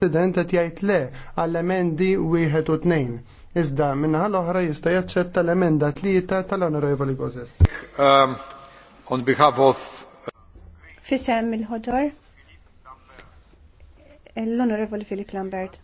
President qed jgħid le għall-emendi wieħed u tnejn. Iżda minna l-oħra jista' jaċċetta l-emenda tlieta tal-Onorevoli Gozes. Um, on behalf of Fisem il-ħodor l-Onorevoli Filip Lambert.